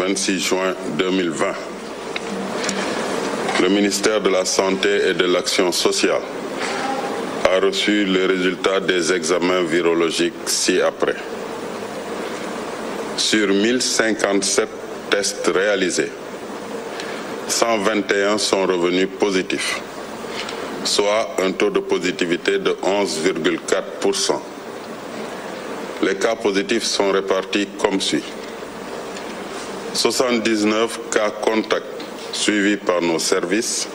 26 juin 2020. Le ministère de la Santé et de l'Action sociale a les résultats des examens virologiques ci-après. Sur 1057 tests réalisés, 121 sont revenus positifs, soit un taux de positivité de 11,4%. Les cas positifs sont répartis comme suit. 79 cas contacts suivis par nos services,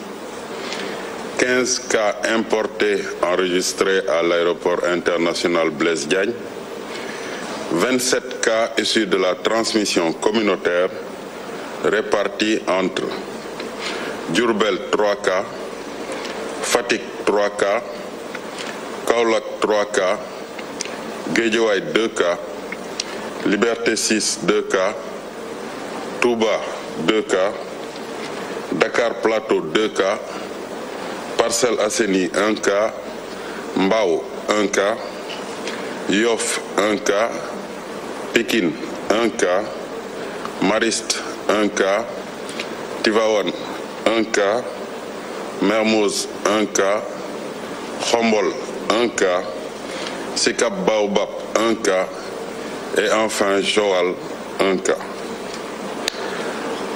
15 cas importés enregistrés à l'aéroport international Blaise Diagne, 27 cas issus de la transmission communautaire répartis entre Diourbel 3 cas, Fatick 3 cas, Kaolack 3 cas, Guédiawaye 2 cas, Liberté 6 cas. Touba 2 cas Dakar Plateau 2 cas Parcelles Assainies 1 cas Mbao 1 cas Yoff 1 cas Pikine 1 cas Mariste 1 cas Tivaouane 1 cas Mermoz 1 cas Khombol 1 cas Sicap Baobab 1 cas et enfin Joal 1 cas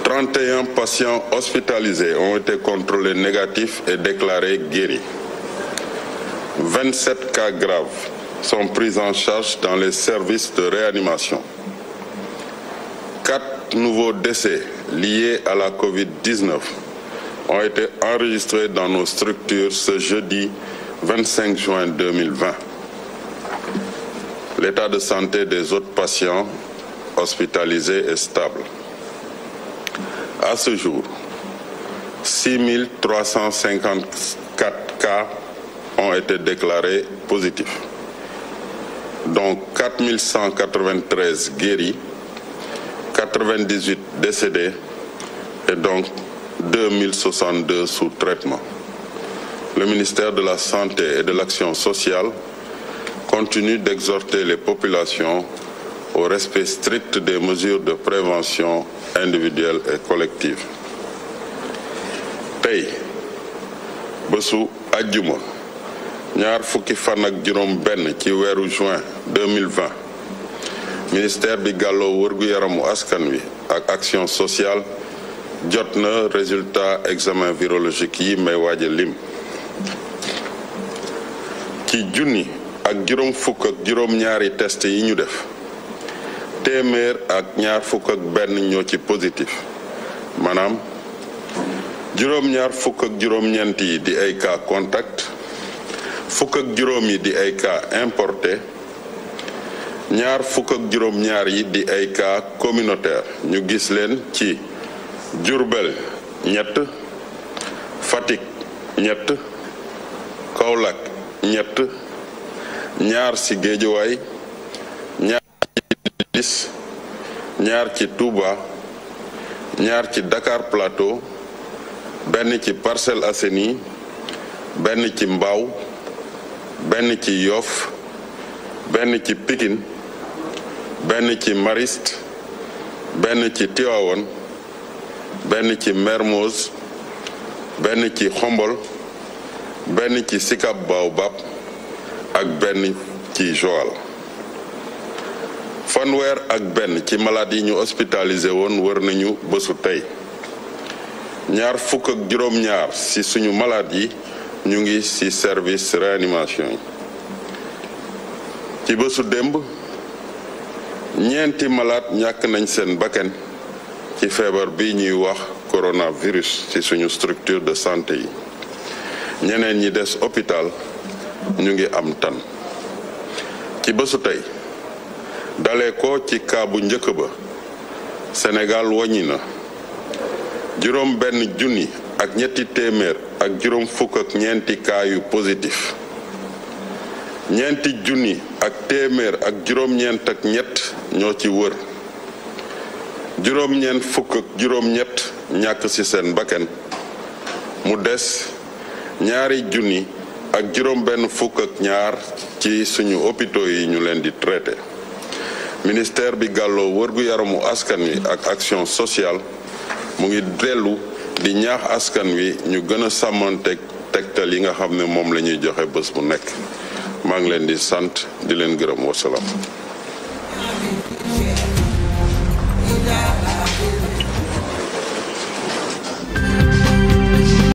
31 patients hospitalisés ont été contrôlés négatifs et déclarés guéris. 27 cas graves sont pris en charge dans les services de réanimation. 4 nouveaux décès liés à la COVID-19 ont été enregistrés dans nos structures ce jeudi 25 juin 2020. L'état de santé des autres patients est stable. À ce jour, 6354 cas ont été déclarés positifs, dont 4193 guéris, 98 décédés et donc 2062 sous traitement. Le ministère de la Santé de l'Action sociale continue d'exhorter les populations au respect strict des mesures de prévention individuelle et collective tey bésu àjjuma ñaar fukki fan ak juróom benn ci weeru juin 2020 ministère bi gàlloo wërgu-yaramu askan wi ak action sociale jot na résultat examen virologique yi may waaja lim ci junni ak juróom fukk ak juróom ñaari test yi ñu def téeméer ak ñaar fukk benn ñoo ci positif maanaam juróom-ñaar fukk juróom-ñeent yi di ay cas contact fukk juróom yi di ay cas importé ñaar fukk juróom-ñaar yi di ay cas communautaire ñu gis leen ci Diourbel ñett Fatick ñett Kaolack ñett ñaar ci Géejawaay dix ñaar ci Touba ñaar ci Dakar Plateau benn ci Parcelles Assainies benn ci Mbao benn ci Yoff benn ci Pikine benn ci Mariste benn ci Tivaouane benn ci Mermoz benn ci Xombol benn ci Sicap Baobab ak benn ci Joal fanweer ak benn ci malade yi ñu hospitalisé woon wër nañu bésu tey ñaar fukk ak juróom-ñaar ci suñu malade yi ñu ngi ci service réanimation yi ci bésu démb ñeenti malade ñàkk nañ seen bakken ci feebar bi ñuy wax coronavirus ci suñu structure de santé yi ñeneen ñi des hôpital ñu ngi am tan ci bésu tey dale ko ci kaabu njëkk ba senegal waññi na juróom benn junni ak ñetti téeméer ak juróom fukk ak ñeenti kaa positif ñeenti junni ak téeméer ak juróom-ñeent ak ñett ñoo ci wër juróom ñàkk ci seen bakken mu des ñaari junni ak juróom benn fukk ak ñaar ci suñu hôpitaux yi ñu leen di traité ministère bi gàlloo wërgu yaramu askan wi ak action sociale mu ngi dellu di ñaax askan wi ñu gëna a sàmmanteeg tegtal yi nga xam ne moom lañuy joxe bés bu nekk maa ngi leen di sant di leen gërëm wasalaam